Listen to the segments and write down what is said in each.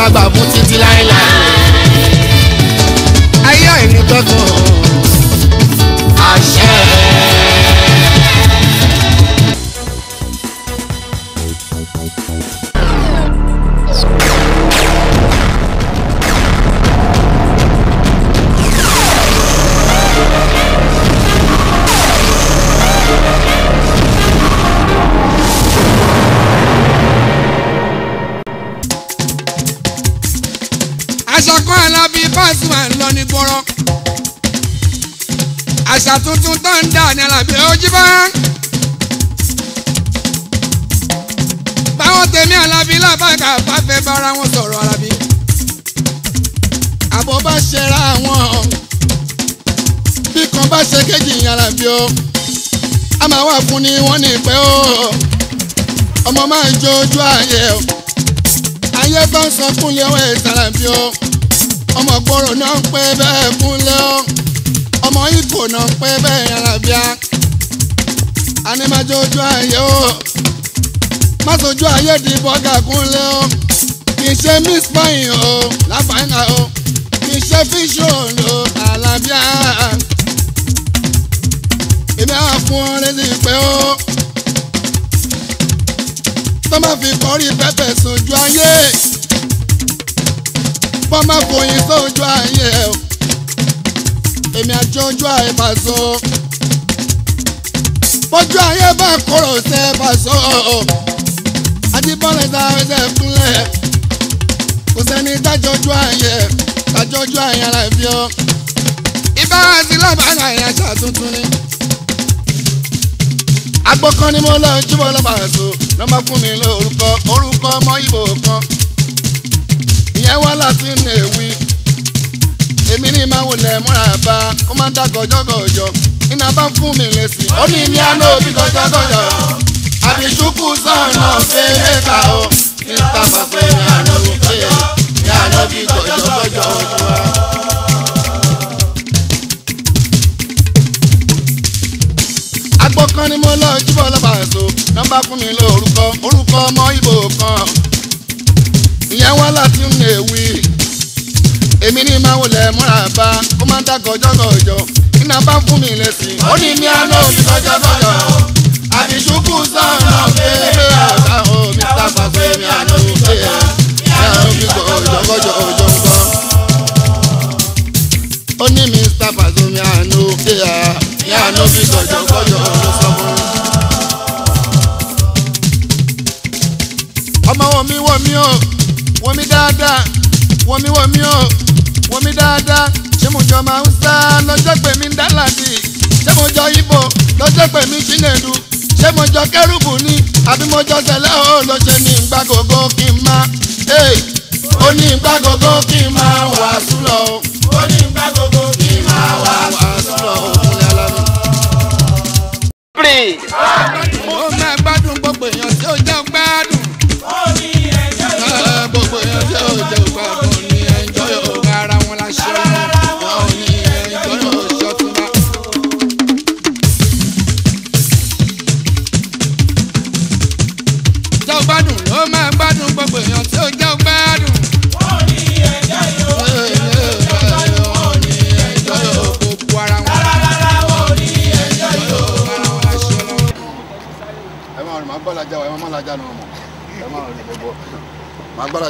nada mẹ́ka bá fẹ́ bára wọn sọ̀rọ̀ Àlàbí àbọ̀ bá ṣẹra wọn bí kan bá ṣe kéjì Àlàbí o a máa wà fún ni wọ́n ní pẹ́ o ọmọ máa ń jojú ayé o ayé bá ń sọ kúnlẹ̀ ọwọ́ ẹ̀ sàlàbí o ọmọ gbòòrò náà ń pẹ́ bẹ́ẹ̀ kúnlẹ̀ o ọmọ ikò náà ń pẹ́ bẹ́ẹ̀ Àlàbí a ní máa jojú ayé o másojú ayé di bọ́gà kúnlẹ̀ o kì í ṣe miss pine o láfàìnà o kì í ṣe fíṣọ̀n o àlàáfíà èmi á fún ọ lẹ́nu ìpẹ́ o tó fi kọrí pẹ́pẹ́ sojú ayé bọ́ má fòyìn sójú ayé o èmi àjọjú àìbàṣọ bójú ayé bá kọ̀rọ̀ sẹ́ẹ̀ bàṣọ. ẹ̀dá ẹ̀dẹ̀ fúnlẹ̀ kò sẹ́ni dájọ́jú ààyè dájọ́jú ààyè ara ẹ̀fí ọ́ ibà àti lábàárà ẹ̀yà ṣàtúntún ni. agbọ́kan ni mo lọ jíbọ̀ lọ́ba fún mi lórúkọ orúkọ ọmọ kan ìyẹn wá láti èmi ní múra bá kó má dá iná bá fún mi Abichukwu son of Emeka o. Mr. Fakwe Yanobi Koye, Yanobi Kojokojo Ojua. Agbo kan ni mo lọ jíbọ̀ lọ́ba èso, nọ́mbà fún mi lórúkọ, orúkọ ọmọ Ìgbò kan. Ìyẹn wá láti ń èwì. Èmi ní máa wọlé múra bá, kó máa ń dá gọjọ́gọjọ́. Iná mi lẹ́sìn, ó ní ní àná òbí gọjọ́gọjọ́ ní ṣùkú sọ̀nà òkèlè àgbà omi tápà pé mi àná mi ṣe ẹ̀ ẹ̀ omi kò jọ̀gọ́jọ̀ òjò ń bọ̀. ó ní Mr. Pasuma àná òkè à ní àná mi kò jọ̀gọ́jọ̀ òjò sọ fún mi. ọmọ wọmi wọmi o wọmi dáadáa wọmi wọmi o wọmi dáadáa ṣé mo jọ máa ń sá lọ́jọ́ pèmí ń dá láti ṣé mo jọ ibo lọ́jọ́ pèmí Chinedu ṣé mo jọ kẹ́rùbù ni àbí mo jọ sẹ̀lẹ̀ ó lọ ṣe ní ìgbàgògó kí n má ó ní ìgbàgògó kí n má wàásù lọ ó ní ìgbàgògó kí n má wàásù lọ òun ni alámi. ó máa gbádùn gbogbo èèyàn tí ó jẹ́ gbádùn. ó ní.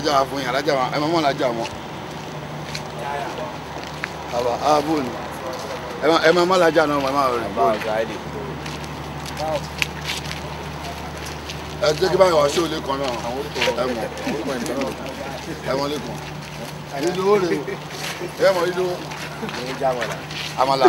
alájà wa fún yín alájà wa ẹ mọ mọ alájà wọn àbá ààbò ni ẹ mọ mọ alájà náà wọn máa rẹ ẹ jẹ́ kí báyọ̀ wá sí olè kan náà ẹ mọ̀ ẹ mọ̀ lẹ́kọ̀ọ́ ìdúró rẹ̀ ẹ mọ̀ ìdúró àmàlà.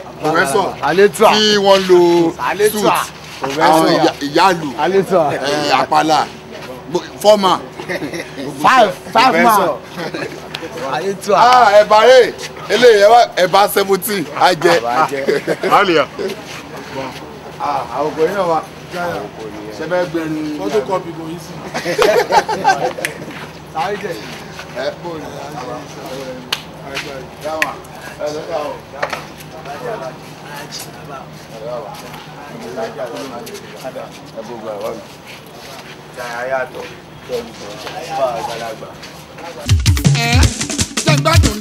professor tí wọ́n lo suit àwọn ìyáàlú eh, àpàlà fọ́mà five five man ah ẹ̀bà rẹ̀ eléyìí ẹ̀bà seventeen á jẹ. àlìyà. àwòkọ yìí náà wà sẹbẹ gbẹrin. fọ́tò kọ́pì kò yí sí. sáré jẹ. ẹ eh, bò ní gbádùn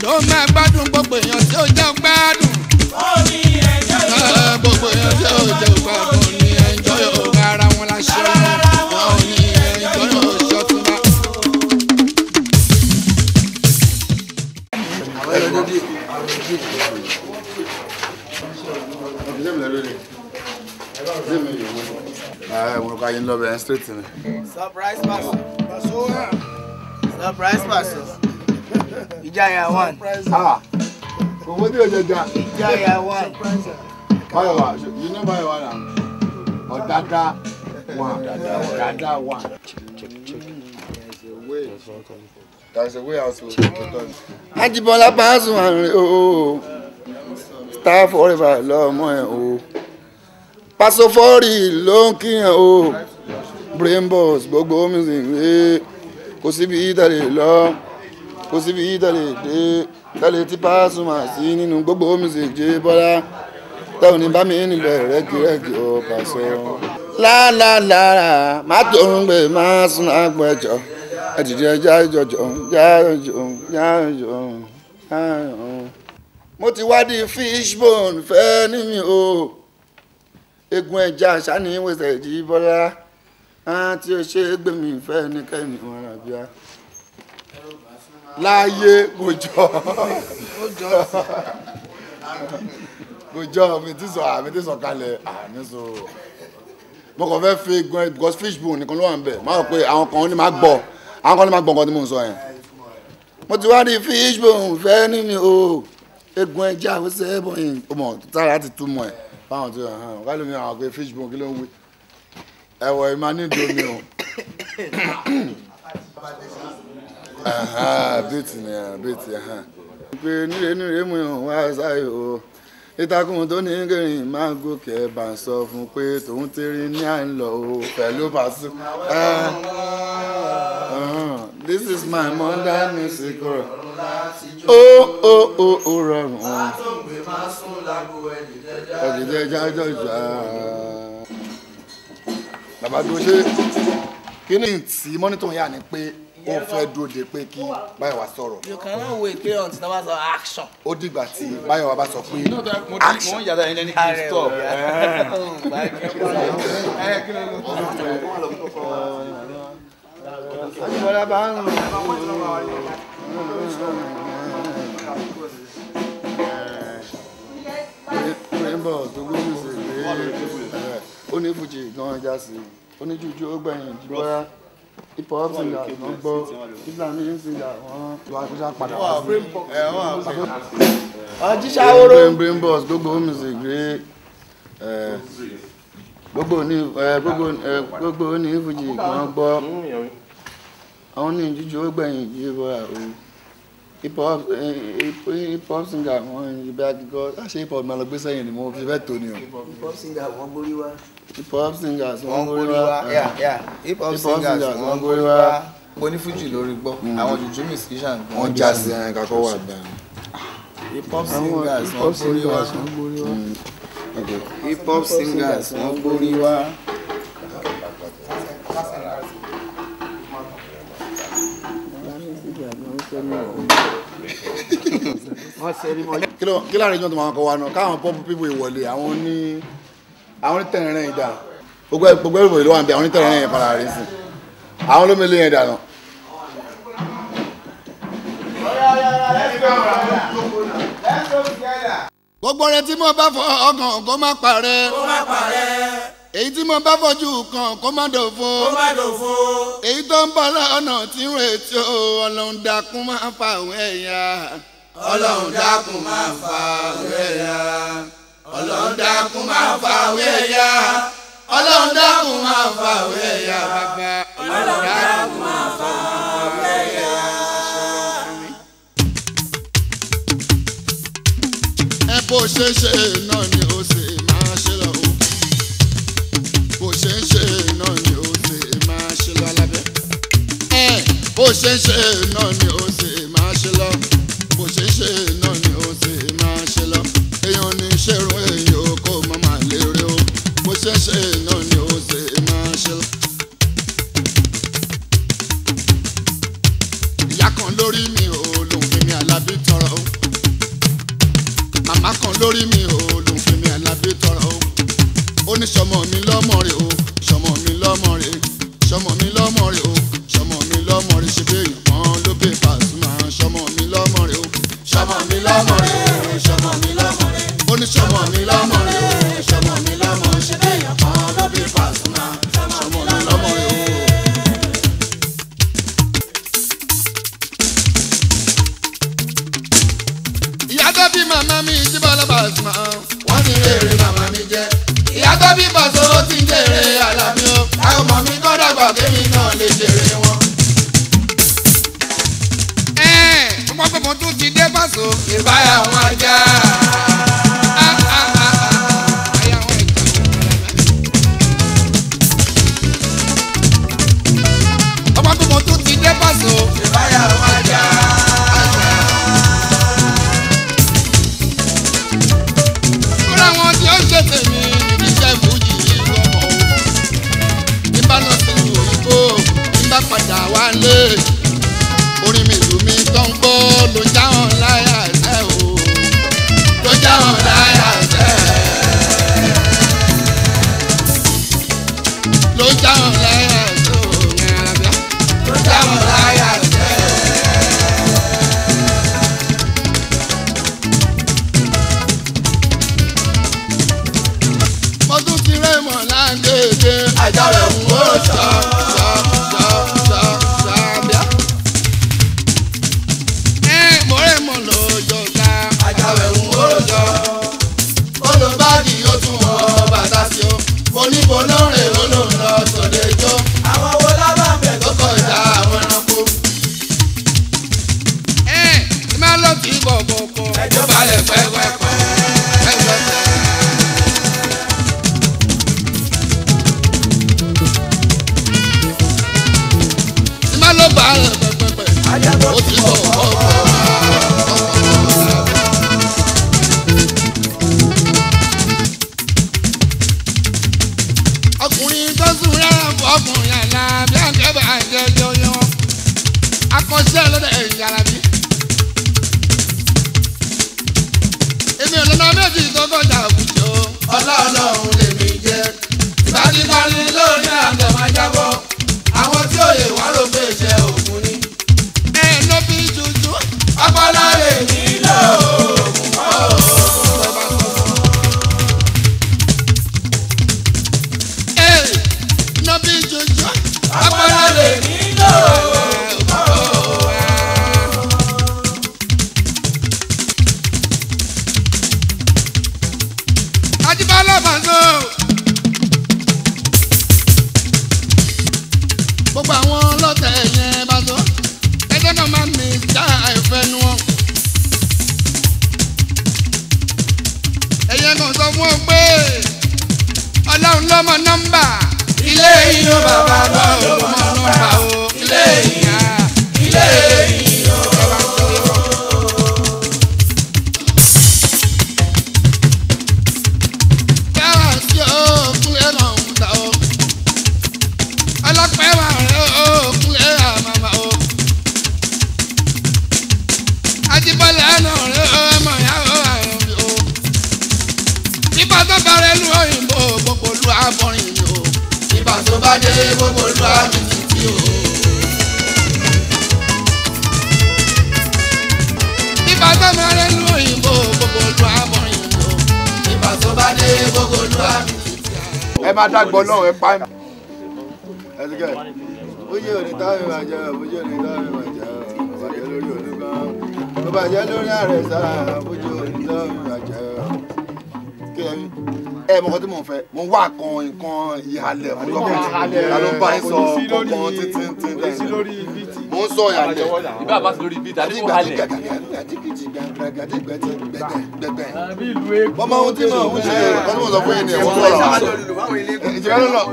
ló máa gbádùn gbogbo èèyàn tí ó jẹ́ gbádùn. gbogbo èèyàn tí ó jẹ́ gbádùn ni ẹ̀ńjọ́ yóò bá ara wọn láṣẹ. Ẹ wúlò ká yín lọ́bẹ̀ ẹ̀ straight ni. Surprise pastor. Surprise pastor. Ìjayà one. Owó ní òjò jà. Ìjayà one. Báyọ̀ you know báyọ̀ wá náà. one. Ọ̀dàdà one. There's a way out to return. Ajibola Basun oh, oh, oh. Staff Star forever lọ́mọ ẹ̀ ooo. Oh pasofori ló ń kíyàn o brainbox gbogbo music rè kò síbi ìtàlẹ̀ lọ kò síbi ìtàlẹ̀ dé tẹ́lẹ̀ tí Pasuma sí nínú gbogbo music jẹ́ bọ́lá táwọn ní bá mi nílẹ̀ rẹ́gírẹ́gì ó pàṣẹ. láàlàlàrà má tóun gbé má sún àgbẹ̀jọ ẹ̀dìdì ẹja ìjọjọ jáàjọ jáàjọ jáàjọ. mo ti wá di fishbone fẹ́ ní mi o. Oh egun ẹja àṣà ní ìwòsàn ìdí bọ́lá án tí ó ṣe é gbèmí ìfẹ́ ẹnikẹ́ni wọn ràbíà láàyè mojọ mojọ mi ti sọ àmì ti sọ kalẹ̀ àmì sọ mo kàn fẹ́ fi egun ẹ because fish bone nìkan ló wà ń bẹ̀ máa rò pé àwọn kan ní máa gbọ́ àwọn kan ní máa gbọ́ nǹkan tí mò ń sọ yẹn mo ti wá rí fish bone fẹ́ nínú o egun ẹja àwòsàn ẹ̀bọ̀n yìí ó mọ̀ tára ti túmọ̀ ẹ̀ fáwọn tó hàn án kálí mi àwọn pé fishbone kí ló ń wí ẹ̀wọ̀ ẹ̀ máa ní ìdomi o bíìtì ni bíìtì pé nílé nílé mú ìhùn wá sáyé o ìtàkùn tó ní kẹrin máa gòkè bá ń sọ fún pé tòun ti rí ní à o pẹ̀lú pàṣẹ. Eh, this is my mother music rọ. ó ó ó ó rọrùn. àtọ̀gbẹ́ máa sún lágbo ẹ̀jẹ̀ jájọ́jà. bàbá tó ṣe kí ni tí mọ́nítọ̀ yà ni pé ó fẹ́ dúró de pé kí báyọ̀ wá sọ̀rọ̀. you cannot wait pé until náà wá sọ action. ó dìgbà tí báyọ̀ wá bá sọ pé action. mo ń yàrá ẹni kí n stop. àjùmọ̀lá bá ń rìn. pẹ̀lú tó gbóhùn sí i ó ní fújì gan-an já ó ní jújú ó gbẹ̀yìn jù hip hop singer wọn gbọ́ islamic singer wọn wà kó sá padà wá sí. ọjí ṣàwòrò. brain brain boss gbogbo music rẹ gbogbo ní gbogbo gbogbo ní fújì kan gbọ́ àwọn ní jíjó gbẹ̀yìn jíjó àwọn hip hop hip hop singer wọn ìbí akíkọ àṣé hip hop máa lọ gbé sẹ́yìn ni mo fi fẹ́ tó ni o. hip hop singer wọn gbórí wá hip hop singers wọ́n gbórí wá hip hop singers wọ́n gbórí wá onífújì lórí gbọ́ mm. àwọn jùjú musician wọ́n já sí ẹran kakọ́ wà dáa hip hop singers wọ́n gbórí wá hip hop singers wọ́n gbórí wá. kí ló kí ló àrèjọ́ tó máa kọ́ wa náà káwọn pọ́pù pípò ìwọlé àwọn ní àwọn onítẹ̀rẹ̀rẹ̀ yìí dà gbogbo ẹ̀rọ ìlú wa ń bẹ àwọn onítẹ̀rẹ̀rẹ̀ yẹn fara rẹ̀ sí àwọn olómìnira yẹn dà náà. gbogbo rẹ tí mo bá fọ ọkàn kó má parẹ́. kó má parẹ́. èyí tí mo bá fojú kan kó má dòfo. kó má dòfo. èyí tó ń bọ̀ lọ́nà tí ń retí o ọlọ́run dákun máa fa òun ẹ̀yà. ọlọ́run dákun máa fa òun ẹ̀yà ọlọ́run dákun máa fàwé ya ọlọ́run dákun máa fa ya bàbá ọlọ́run dákun máa fàwé ya. ẹ bó ṣe ṣe náà ni ó ṣe máa ṣe lọ o bó ṣe ṣe náà ni ó ṣe máa ṣe lọ alábẹ́ ẹ bó ṣe ṣe náà ni ó ṣe máa ṣe lọ bó ṣe ṣe náà ni ó ṣe máa ṣe lọ èèyàn ní ṣèrò èèyàn kò má má lérè o mo ṣẹ̀ṣẹ̀ náà ni ó ṣe máa ṣe. ìyá kan lórí mi ò fi mi Àlàbí tọrọ o màmá kan lórí mi ò fi mi Àlàbí tọrọ o ó ní sọmọ mi lọ́mọ rẹ̀ o sọmọ mi lọ́mọ rẹ̀ sọmọ mi lọ́mọ rẹ̀ o sọmọ mi lọ́mọ rẹ̀ ṣe bẹ́ẹ̀ yàn. tó bá dé gbogbo olú àmì títí o. ìbá tó máa rẹ lu òyìnbó gbogbo olú àmọ̀ òyìnbó ìbá tó bá dé gbogbo olú àmì títí o. ẹ máa dàgbọ́ náà ẹ pa ẹ. ẹ ti kẹ́ bójú òní táwọn ìwà jẹ bójú òní táwọn ìwà jẹ bàjẹ́ lórí olúgbọ́n bàjẹ́ lórí àrẹ̀sà bójú òní táwọn ìwà jẹ tó yẹ yín ẹ mọ̀ nǹkan tí mò ń fẹ́ mò ń wá kan nǹkan ìhàlẹ̀ mo kọ́kọ́ ti ta ló ń bá yín sọ kọ̀ọ̀kan títí tí lẹ́yìn mò ń sọ ìhàlẹ̀ ìbá bá ti lórí ibi tàbí ìhàlẹ̀. ọmọ ohun tí mò ń ṣe ọdún mò ń sọ fún yín ni ẹ̀wọ̀n lọ́rọ̀ ìjẹ́ lọ́rọ̀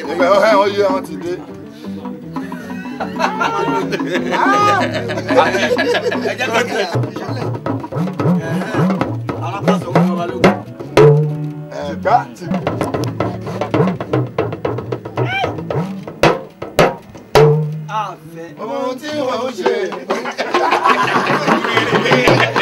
ìgbà ọ̀hẹ́ wọn yé wọn ti dé ẹ jẹ́ ká tẹ̀. to, got to. Ah, Ọmọ ohun tí wọ́n ń ṣe.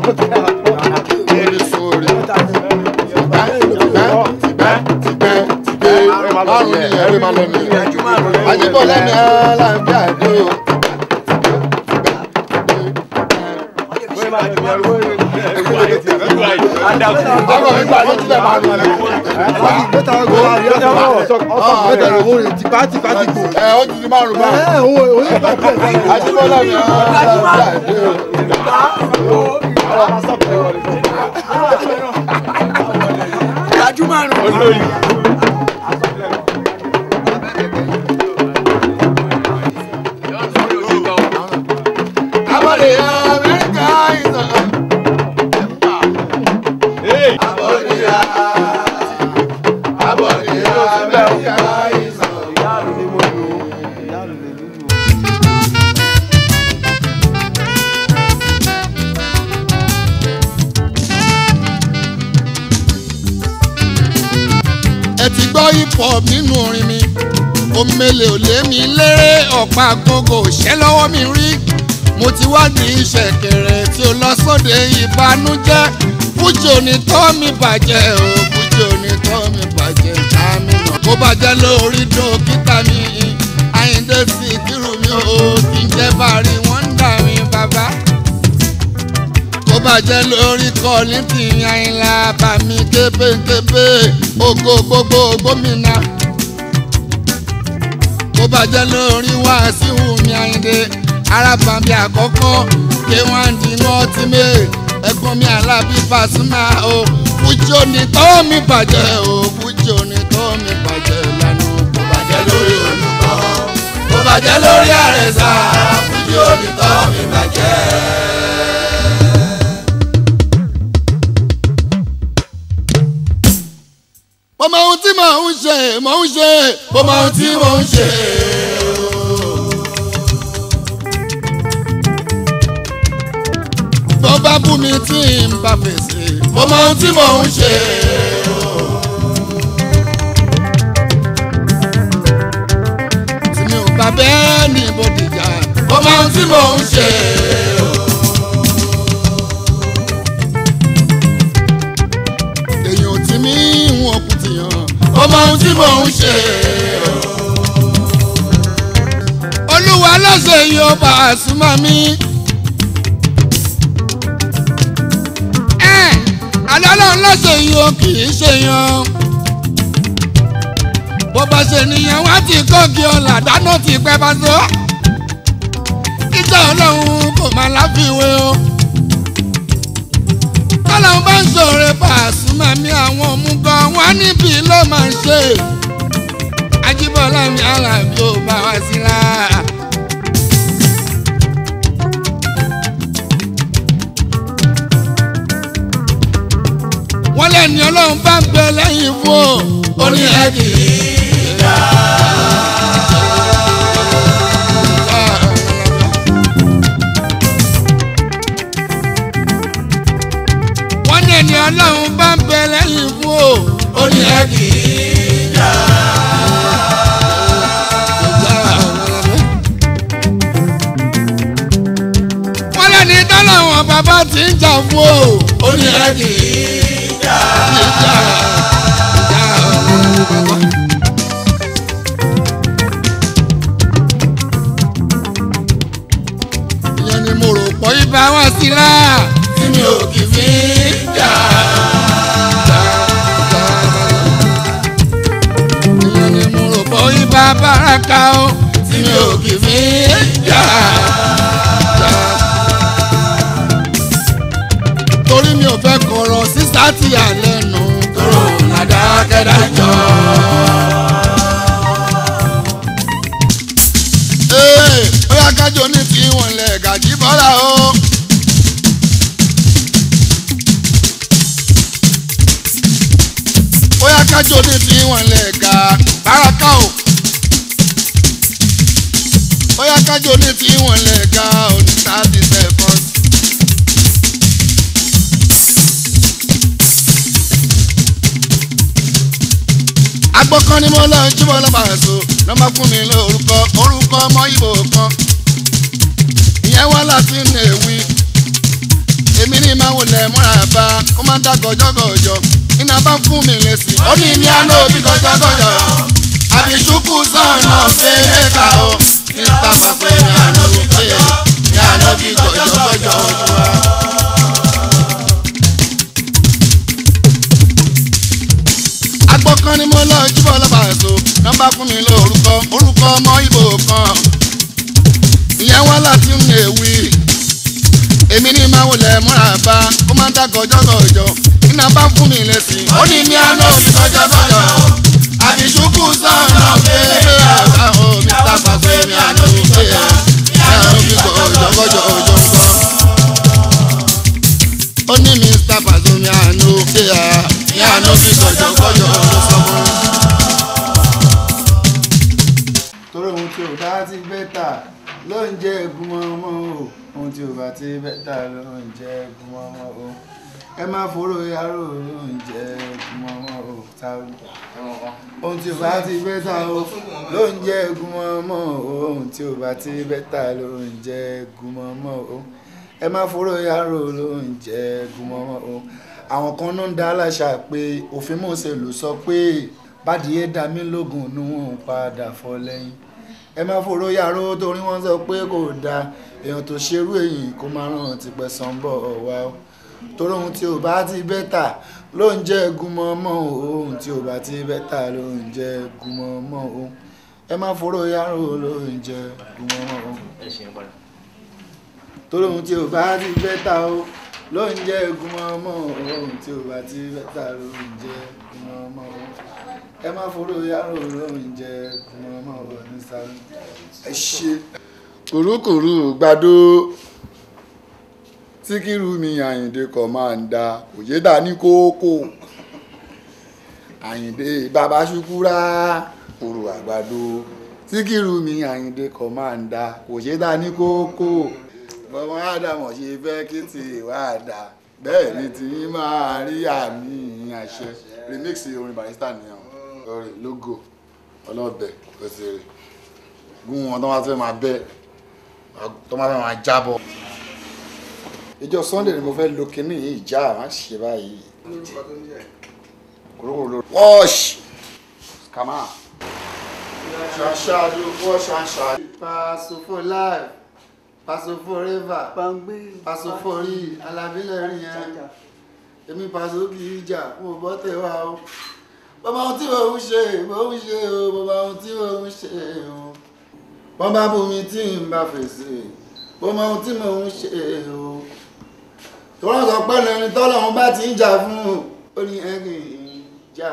lórí sórí tìbẹ́ tìbẹ́ tìbẹ́ tìbẹ́ márùn ní ẹ̀rí máa lọ ní. àyíkọ́ lẹ́nu ẹ̀ láǹfẹ́ àdé o. ọkọ̀ mi gbàgbọ́ tilẹ̀ máa lọ Àjíbọ́lá mi ọ̀rọ̀ ọ̀rọ̀ àdé o ìdájú márùn-ún. mi lérè ọ̀pá gbogbo ṣẹ́ lọ́wọ́ mi rí mo ti wá di ìṣẹ̀kẹ̀rẹ̀ tí ó lọ sóde ìbànújẹ́ fújì òní tọ́ mi bàjẹ́ o fújì òní tọ́ mi bàjẹ́ àmì náà mo bàjẹ́ lórí dókítà mi Àyìndé sí ìkírù mi o kí n jẹ́ bá rí ń dà mí bàbá bàjẹ́ lórí kọ́ọ̀lì tìyàn ìlà bàmí kébékébé ògo gbogbo gómìnà bàjẹ́ lórí Wàsíù mi Àyìndé arábàmì àkọ́kọ́ k1 di ultimate ẹ̀gbọ́n mi Àlàbí Pasuma o fújì òní tó mi bàjẹ́ o fújì òní tó mi bàjẹ́ lẹ́nu. bó bàjẹ́ lórí olùkọ́ bó bàjẹ́ lórí àrẹ̀sà fújì òní tó mi bàjẹ́. mo mọ ohun tí mò ń ṣe mò ń ṣe mo mọ ohun tí mò ń ṣe. tó bá bú mi tí n bá fèsì mo mọ ohun tí mò ń ṣe. tí mi ò bá bẹ́ẹ̀ ni mo dìjà mo mọ ohun tí mò ń ṣe. mo mọ ohun tí mò ń ṣe. olúwa lọ́sẹ̀ yìí ó bá a súnmọ́ mi. alọ́lọ́ lọ́sẹ̀ yìí ó kì í ṣe yan. bó bá ṣe nìyẹn wá ti kọ́ kí ọ̀là dáná ti pẹ́ bá tó. ìjà ọlọ́run kò máa láfiwé o bọ́lá ń bá ń sọ̀rọ̀ Pasuma mi àwọn òmùgọ̀ wọn níbi ló máa ń ṣe Ajíbọ́lá mi alabi ò bá wá sí láà. wọ́n lẹ́ni ọlọ́run bá ń bẹ lẹ́yìn fún ọ. ó ní yìí. ẹlẹ́yìn fún o. ó ní ẹ kì í jà. wọ́n lẹ́ni tọ́lọ̀ wọn bàbá ti ń jà fún o. ó ní ẹ kì í jà. ìyẹn ni mo rò pọ̀ ibà wá sí i rà. tí mi ò kì í fi. ká o tí mi ò kì í fi jà torí mi ò fẹ́ kọ̀rọ̀ sísá ti àná. máa ń da gọ̀jọ́gọ̀jọ́ iná bá ń fún mi lẹ́sìn. ó ní ní àná òbí gọ̀jọ́gọ̀jọ́ àbíṣúkú sọ̀nà fèrè ká o nípa pàpẹ́ ní àná òbí gọ̀jọ́ ní àná òbí gọ̀jọ́gọ̀jọ́ òjò wa. kan ni mo lọ jíbọ̀ lọ́ba ẹ̀sọ́ nọ́mbà fún mi lórúkọ orúkọ ọmọ Ìgbò kan ìyẹn wá láti ń èwì èmi ní máa wulẹ̀ múra bá kó máa ń dàgọ̀ jọ́sọ̀jọ́ iná bá ń fún mi lẹ́sìn. ó ní ní àná òsì sọ́jọ́ sọ́jọ́ àbí ṣùkú sọ́nà òkèèrè àbá omi tàpá pé mi àná òsì sọ́jọ́ mi àná òsì sọ́jọ́ òjò ń bọ̀. ó ní mi àná òkè mi àná òsì sọ́jọ́ sọ́jọ́ òjò mi. torí ohun tí ò dá sí bẹ́tà ló ń jẹ́ ègún ogun tí o bá ti bẹ́tà ló ń jẹ́ gbọmọ o ẹ máa forò yàrá ò ló ń jẹ́ o ta o ohun tí o bá ti bẹ́tà o ló ń jẹ́ gbọmọ o ohun tí o bá ti bẹ́tà ló ń jẹ́ gbọmọ o ẹ máa forò yàrá ò ló ń jẹ́ gbọmọ o àwọn kan ló ń dá aláṣà pé òfin mọ̀ọ́sẹ̀ sọ pé bádìí dá mi lógun nù ń padà fọ lẹ́yìn ẹ máa forò yàrá torí wọ́n sọ pé kò dáa èèyàn tó ṣerú èyí kó máa ràn ti pẹ́ bọ̀ wá o torí ohun tí ò bá ti bẹ́tà ló ń jẹ́ gúnmọ́ mọ́ ohun tí ò bá ti bẹ́tà ló ń jẹ́ gúnmọ́ mọ́ ohun ẹ má foró yàrá ló ń jẹ́ gúnmọ́ mọ́ ohun torí ohun tí ò bá ti bẹ́tà o ló ń jẹ́ gúnmọ́ mọ́ ohun tí ò bá ti bẹ́tà ló ń jẹ́ gúnmọ́ mọ́ ohun ẹ má foró yàrá ló ń jẹ́ gúnmọ́ mọ́ ohun ní sáré ẹ ṣe kùrukùru gbadó síkírù mi àyìndé kọ̀máńdà òyédà ní kókó àyìndé bàbá ṣukúrá òrò àgbàdo síkírù mi àyìndé kọ̀máńdà òyédà ní kókó bọ́mọ ádámọ̀ ṣe fẹ́ kí ti ìwà àdá bẹ́ẹ̀ ni tí yín máa rí àmì àṣẹ remix orin barista nìyẹn lórí logo ọlọ́bẹ̀ òṣèré gún wọn tó wá fẹ́ máa bẹ́ẹ̀ tó máa fẹ́ máa jábọ̀. ìjọ sunday ni mo fẹ́ lo kinní yìí já àwọn àṣìṣe báyìí. kúrúkúrú lórí. wọ́ọ̀ṣì kàmá. ṣàṣàlù wọ́ọ̀ṣì àṣàlù. paṣọ for life paṣọ for river paṣọ for yìí alábílẹ̀ rìn yẹn èmi paṣọ kì í jà mo bọ́ tẹ̀ o bàbá ohun tí mo ń ṣe mo ń ṣe o bàbá ohun tí mo ń ṣe o bọ́ bá bomi tí ń bá fèsì bó mọ ohun tí mò ń ṣe o tó rán sọ pé lẹni tọ́lọ́run bá ti ń jà fún ó ní ẹni ìjà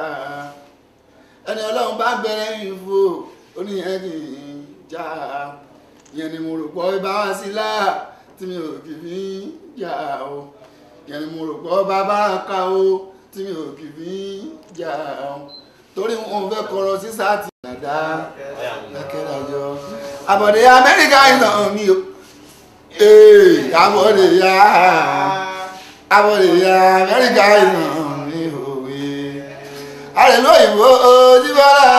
ẹni ọlọ́run bá bẹ̀rẹ̀ ìfò ó ní ẹni ìjà ìyẹn ni mo rò pọ̀ ibà wá sí láà tí mi ò kì í jà o ìyẹn ni mo rò pọ̀ bàbá ká o tí mi ò kì í jà o torí wọn fẹ́ kọrọ sísá àti dàda lẹ́kẹ́rẹ́ àjọ àbọ̀dé amẹ́ríkà iná mi o àbọ̀dé ya àbọ̀dé ya amẹ́ríkà iná mi o àrè lóyìnbó ojúbọ́lá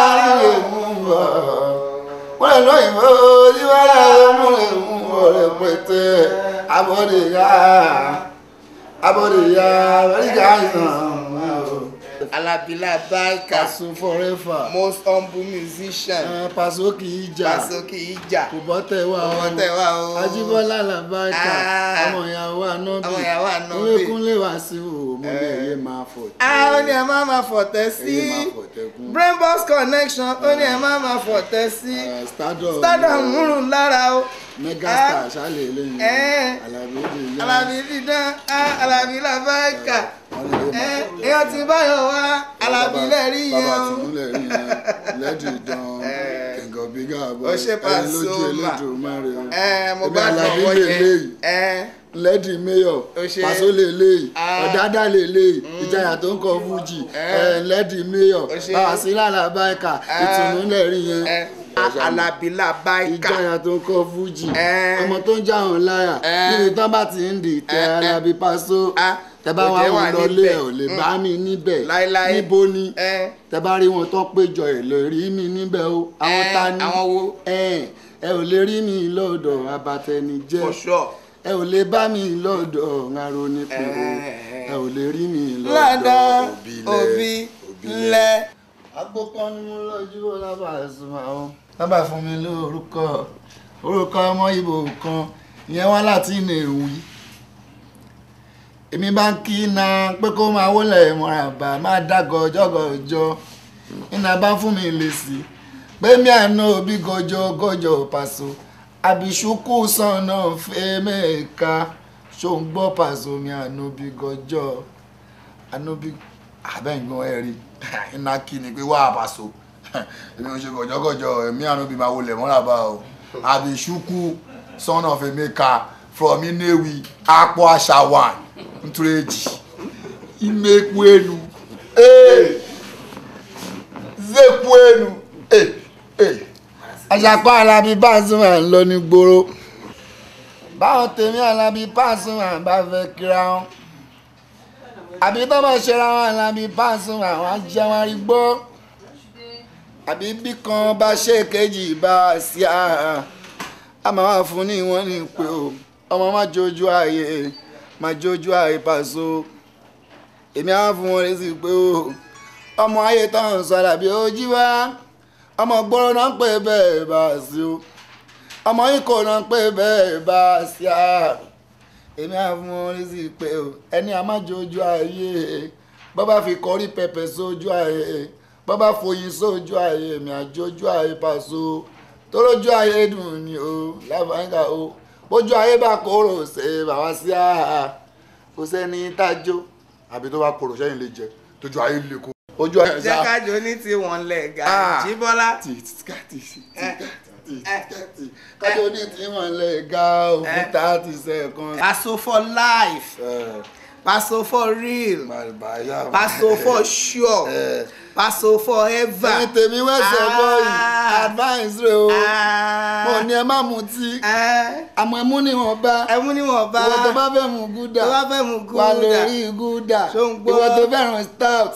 lè mú bọ̀ wọ́n lè lóyìnbó ojúbọ́lá mú lè mú bọ̀ rẹpẹtẹ àbọ̀dé ya àbọ̀dé ya amẹ́ríkà iná mi alabila baika Paso forever most humble musician uh, ah, Paso kì í jà Paso kì í jà kò bọ́ tẹ̀ wá o kò bọ́ tẹ̀ wá o Ajíbọ́lá alabaika ah. ọmọ ìyàwó anábì ọmọ ìyàwó anábì wá sí o mo ní eh. ẹyẹ máa fọ̀ tẹ́ a ah, ó ní ẹ má máa fọ̀ tẹ́ sí brain box connection ó ní ẹ má máa fọ̀ tẹ́ sí stardom stardom ń rùn lára o megastar ṣáà lè lè yín eh. alábí dídán alábí dídán alábí làbáìkà. Eh èèyàn ti báyọ̀ wá alábílẹ̀ rí yẹn o. bàbá tìmúlẹ̀ rí yẹn lẹ́dí dán kẹ̀kọ́ bí lẹ́dí mayor pàṣọ lè ah. ọ̀dádá lè mm. ìjayà tó ń kọ fújì lẹ́dí mayor bàṣílà làbáìkà ìtùnú lẹ̀ yẹn alabila baika. ìjọyà tó ń kọ fújì ọmọ tó ń jáwọn láyà níbi tán bá ti ń dì tẹ Alábí Paso ah tẹ́bá wá wọn lọlé ẹ̀ ò lè bá mi mm. níbẹ̀ níbo ni tẹ́bá rí wọn tó péjọ ẹ̀ lè rí mi níbẹ̀ o àwọn ta ni ẹ ò lè rí mi lọ́dọ̀ abatẹnijẹ́ ẹ ò lè bá mi lọ́dọ̀ ńaro nípò ẹ ò lè rí mi lọ́dọ̀ òbí lẹ́. agbo ni mo lọ́jú lábàá ẹ̀sùn àwọn lábàá fún mi lórúkọ orúkọ ọmọ ibo kan ìyẹn wá láti ilẹ̀ òwì èmi bá ń kí iná pé kó máa wọlé mọ̀ràbà máa dágọ̀ ọjọ́gọ̀ ọjọ́ iná bá fún mi lè sí pé mi àná òbí gọjọ gọjọ pàṣọ àbíṣukú sànà fẹ́mẹ́ẹ̀ka ṣòun gbọ́ pàṣọ mi àná òbí gọjọ àná òbí àbẹ̀ǹgàn ẹ̀rí iná kí ni pé wá pàṣọ èmi ò ṣe gọjọgọjọ èmi àná òbí máa wọlé mọ̀ràbà o àbíṣukú sànà fẹ́mẹ́ẹ̀ka from inewi apọ̀ àṣà ntụrụ eji imekwu elu ee zekwu elu ee ee àṣàpá alábí Pasuma à ń lọ ní gbòòrò báwọn tèmi alábí Pasuma à ń bá fẹ́ kíra wọn àbí tó máa ṣe ra wọn alábí Pasuma àwọn ajẹun arígbó àbí bí kan bá ṣe kejì bá sí àhà àmọ́ wà fún ní ìwọ́n ní pé ọmọ má jojú ààyè máa jójú àìpàṣọ èmi á fún wọn lésì pé o ọmọ ayé táwọn sọ àlàbí ó jí wá ọmọ gbọ́rọ̀ náà ń pè bẹ́ẹ̀ bá a sí o ọmọ yìí kò náà ń pè bẹ́ẹ̀ bá a sí a èmi á fún wọn lésì pé o ẹni a máa jójú ayé bàbá fi kọrí pẹpẹ sójú ayé bàbá foyín sójú ayé mi àjójú ayé pàṣọ tó lójú ayé dùn ni o lábàáńgá o bójú ayé bá kóró ṣe bàbá sí àhà kò sẹ́ni tájó àbí tó bá kóró sẹ́yìn lè jẹ tójú ayé lè kó. ojú ayé sá jẹ́ kájọ ní ti wọn lẹ̀ gà ah. jíbọ́lá. Eh, eh. kájọ ní ti wọn lẹ̀ gà eh. òkúta ti sẹ́ẹ̀kan. aso for life paso for real paso for sure paso forever. ẹyin tèmi wẹ́sẹ̀ bọ́ọ̀lì ah. advice rẹ o ah. mo ní ẹ má mutí eh. àmọ́ ẹmú ni wọ́n bá ẹmú ni wọ́n bá ìwọ tó bá fẹ́ mu gúdà tó bá fẹ́ mu gúdà wà lórí gúdà ìwọ tó fẹ́ràn stout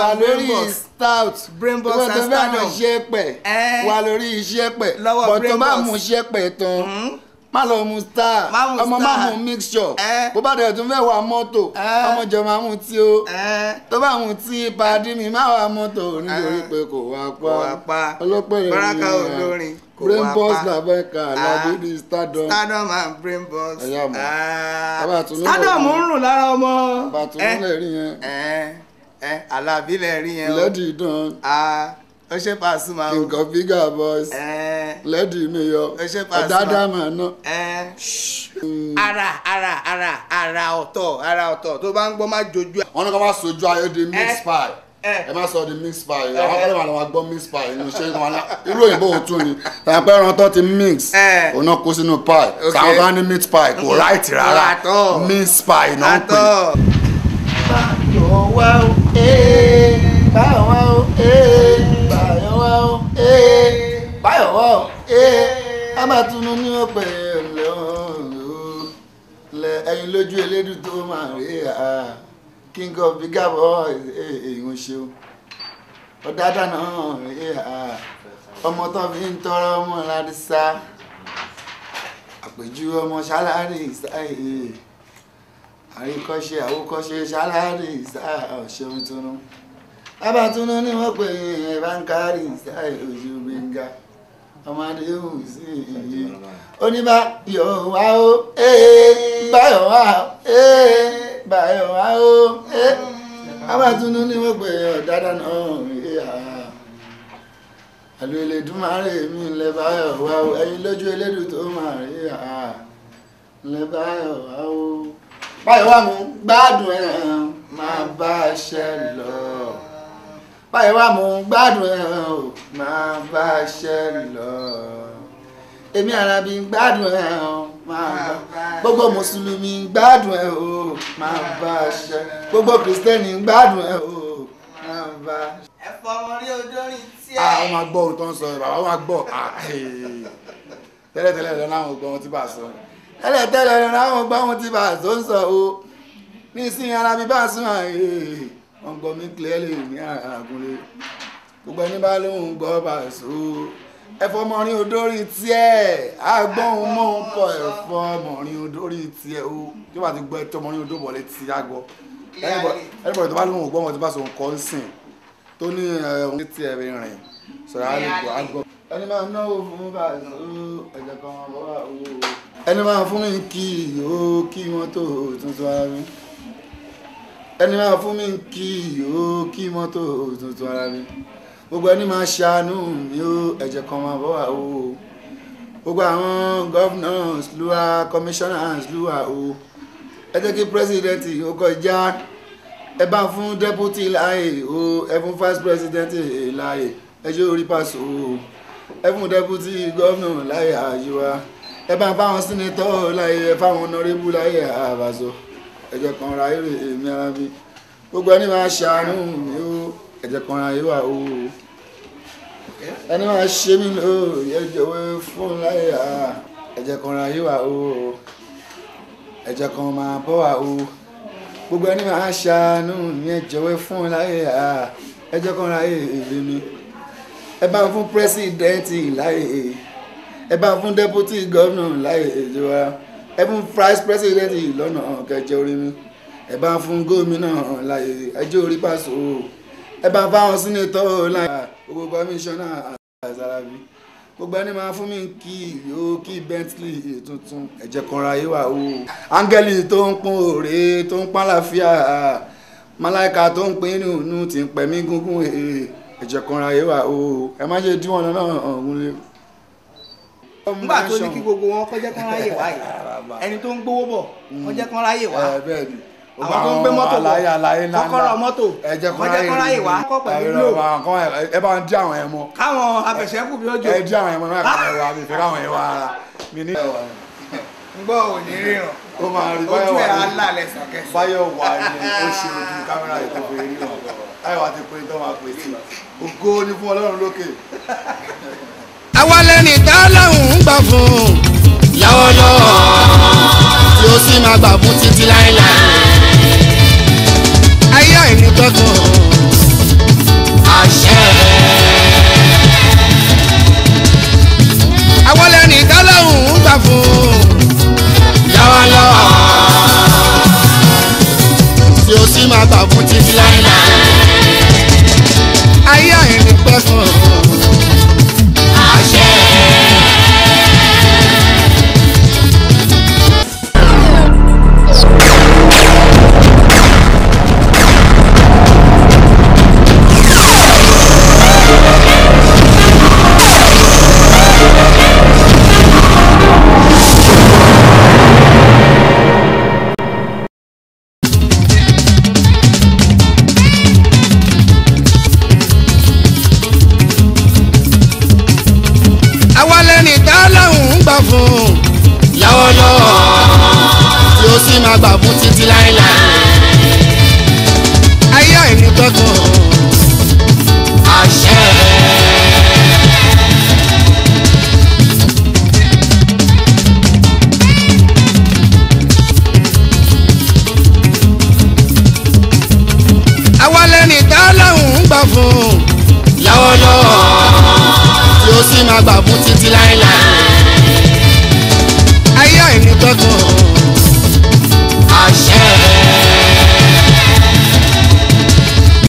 wà lórí stout brainbox and stardom ìwọ tó fẹ́ràn iṣẹ́ pẹ̀ wà lórí iṣẹ́ pẹ̀ bọ̀tọ̀ má mu iṣẹ́ pẹ̀ tán. Hmm? má lọ mu star ọmọ má mu mixture bó bá dẹ̀ tún fẹ́ wa mọ́tò ọmọ jọ máa mu tí o tó bá mu tí padì mi má wa mọ́tò nítorí pé kò wá pa ọlọ́pẹ́ rẹ̀ baraka olórin kò wá pa brain box labẹ́ka labidi ah. stardom stardom and brain boss. Ah. stardom ń rùn lára ọmọ abatunulẹ̀ rí yẹn alábílẹ̀ rí yẹn o lẹ́dí dán ah. ó ṣe Pasuma o king of bigger boys. Eh lẹ́dí mi yọ ọ̀dádá mà ná. Hmm. ara ara ara ara ọ̀tọ̀ ara ọ̀tọ̀ tó bá ń gbọ́ má jojú. wọn ní ká má sojú ayé di mix pie ẹ má sọ di mix pie àwọn akẹ́lẹ́ wà lọ́wọ́ gbọ́ mix pie inú ṣé wọn irú òyìnbó òtún ni tàbí ẹran tó ti mix òun kó sínú pie sàwọn kan ní mix pie kò right rárá mix pie náà ń pè. báyọ̀ wá o eh. báyọ̀ wá o eh. báyọ̀ wá o eh. báyọ̀ wá o a máa tunu ní ọ̀pẹ̀ lọ́rùn lẹ ẹyin lójú elédùn tó máa rí a king of bigger boy èèyàn ṣeun ọ̀dádá náà rí a ọmọ tán fi ń tọrọ ọmọ ládìsá àpèjú ọmọ ṣáláàrì ìsáyè eh, eh. àríkọ́ṣe àwòkọ́ṣe ṣáláàrì ìsáyè ọ̀ṣẹ́mi tuntun abatunu eh, ni wọ́n pè é báńkárì ìsáyè ojú gbẹ̀ngà ọmọdé òun sí i oníbà yọ̀ wá o báyọ̀ wá o báyọ̀ wá o abàtúndú ni wọ́n pè é ọ̀dádá náà àlọ́ Elédùmarè mi ńlẹ̀ báyọ̀ wá o ẹ̀yin lójú elédùn tó máa rí ńlẹ̀ báyọ̀ wá o báyọ̀ wá mú gbádùn ẹ̀ máa bá a ṣe lọ báyìí wá mò ń gbádùn ẹ o máa bá iṣẹ́ lọ èmi Àlàbí ń gbádùn ẹ o máa bá gbogbo mùsùlùmí ń gbádùn ẹ o máa bá iṣẹ́ gbogbo kìrìsìtẹ́nì ń gbádùn ẹ o máa bá. ẹ fọwọ́n rí olórin tí ẹ. àwọn ah, máa gbọ́ ohun tó ń sọ bàbá wọn máa gbọ́ tẹ́lẹ̀tẹ́lẹ̀ ah, lọ láwọn gbọ́ tí bàá sọ tẹ́lẹ̀tẹ́lẹ̀ lọ láwọn gbọ́ tí bàá sọ ń sọ o ní ìsìn bá sùn àyè. Eh, wọ́n gbọ́ mí clearly ní àgúnlé gbogbo ẹni bá lóun gbọ́ bàṣọ ẹ̀fọ́ mọ̀rin odórí tiẹ̀ àgbọ̀hún mọ̀ ń kọ ẹ̀fọ́ mọ̀rin odórí tiẹ̀ o tí wọ́n bá ti gbọ́ ẹ̀tọ́ mọ̀rin odó bọ̀lẹ̀ ti àgọ́ ẹnìbọ̀dì tó bá lóun gbọ́ wọn ti bá sọ nǹkan ń sìn tó ní ẹ̀hún tiẹ̀ rìn sọ̀rọ̀ àgbọ̀ ẹni máa náwó fún bàṣọ ẹ̀jẹ̀ kan wọ́n bọ́ wà owó ẹni máa fún mi kí ó kí wọ́n tó tuntun ara mi ẹni máa fún mi kí ó kí mọ́tò tuntun ara mi gbogbo ẹni máa ṣàánú mi ó ẹ̀jẹ̀ kan máa bọ́ wà o gbogbo àwọn governors lúwa commissioners lúwa o ẹ jẹ́ kí president ó kọjá ẹ bá fún deputy láàyè o ẹ fún vice president láàyè ẹ jẹ́ orí pass o ẹ fún deputy governor láàyè àyíwá ẹ bá fáwọn senator láàyè ẹ fáwọn honorable láàyè àbàṣọ ẹ̀jẹ̀ kan ra eré èmi ara mi gbogbo ẹni máa ṣàánú mi ó ẹ̀jẹ̀ kan ra ìwà o ẹni máa ṣe mí lò ẹ̀jẹ̀ wo fún láyé à ẹ̀jẹ̀ kan ra ìwà o ẹ̀jẹ̀ kan máa bọ́ wà o gbogbo ẹni máa ṣàánú mi ẹ̀jẹ̀ wo fún láyé à ẹ̀jẹ̀ kan ra èlé mi ẹ bá fún pírẹ́sìdẹ́ǹtì láyé ẹ bá fún dẹ́pútì gọ́vnà láyé èjò ẹ fún vice president yìí lọ́nà kẹjẹ orí mi ẹ bá fún gómìnà láyè ẹjọ́ orí pàṣẹ o ẹ bá fáwọn sínítọ́ láyè gbogbo kọmíṣánná àzàràbí gbogbo ẹni máa fún mi kí o kí bentley tuntun ẹ̀jẹ̀ kanra yìí wà o áńgẹ́lì tó ń pọ́n òrè tó ń pọ́n àlàáfíà tó ń pín inú ti ń pẹ̀mí gúngún ẹ̀jẹ̀ kanra yìí wà o ẹ má ṣe díwọ̀n náà ọ̀hún lé nígbà tó ní kí gbogbo wọn kọjá kan ráyè wá yìí ẹni tó ń gbowó bọ̀ mm. kọjá kan ráyè wá eh, àwọn tó ń gbé mọ́tò bọ̀ kọ́kọ́rọ́ mọ́tò kọjá kan ráyè wá kọ́ pẹ̀lú lò ẹ bá ń dí àwọn ẹ̀ mọ́ káwọn abẹ̀sẹ̀kù bí ó jò ẹ dí àwọn ẹ̀ mọ́ náà kàwé wa mi fẹ́ káwọn ẹ̀ wá ara mi ní. ń gbọ́ òní ríran ó máa rí báyọ̀ wà ní báyọ̀ wà ní ó ojú kámẹ́rà yìí tó fi rí pé tó máa pè sí ògo ni fún Ọlọ́run lókè àwa lẹ́ni tá láwùn ń gbà fún un lọ́wọ́lọ́wọ́ tí ó sì máa gbà fún títí láéláé ayé àìní tọ́tún àṣẹ. àwa lẹ́ni tá láwùn ń gbà fún un lọ́wọ́lọ́wọ́ tí ó sì máa gbà fún títí láéláé ayé àìní tọ́tún.